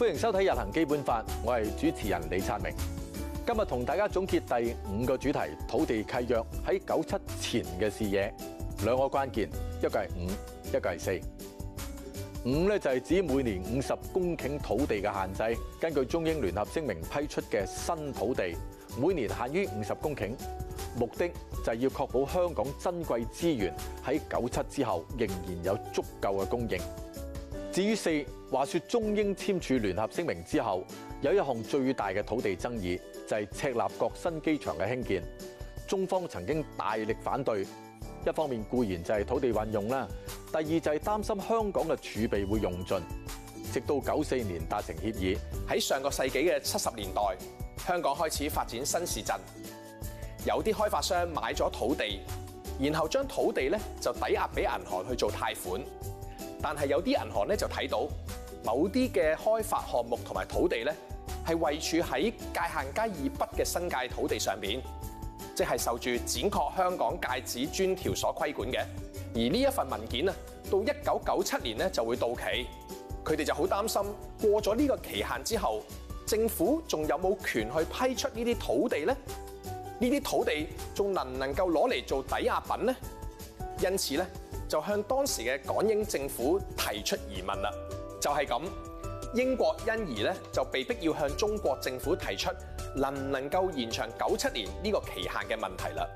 歡迎收睇《日行基本法》，我係主持人李察明。今日同大家總結第五個主題：土地契約喺九七前嘅視野。兩個關鍵，一個係五，一個係四。五咧就係指每年五十公頃土地嘅限制，根據中英聯合聲明批出嘅新土地，每年限於五十公頃。目的就係要確保香港珍貴資源喺九七之後仍然有足夠嘅供應。至於四。話說中英簽署聯合聲明之後，有一項最大嘅土地爭議就係赤鱲角新機場嘅興建。中方曾經大力反對，一方面固然就係土地運用啦，第二就係擔心香港嘅儲備會用盡。直到九四年達成協議。喺上個世紀嘅七十年代，香港開始發展新市鎮，有啲開發商買咗土地，然後將土地咧就抵押俾銀行去做貸款，但係有啲銀行咧就睇到，某啲嘅開發項目同埋土地咧，係位處喺界限街以北嘅新界土地上面，即係受住展拓香港界址專條所規管嘅。而呢一份文件啊，到一九九七年咧就會到期，佢哋就好擔心過咗呢個期限之後，政府仲有冇權去批出呢啲土地呢？呢啲土地仲能唔能夠攞嚟做抵押品呢？因此咧，就向當時嘅港英政府提出疑問啦。就係，是，咁，英國因而咧就被迫要向中國政府提出能唔能夠延長九七年呢個期限嘅問題啦。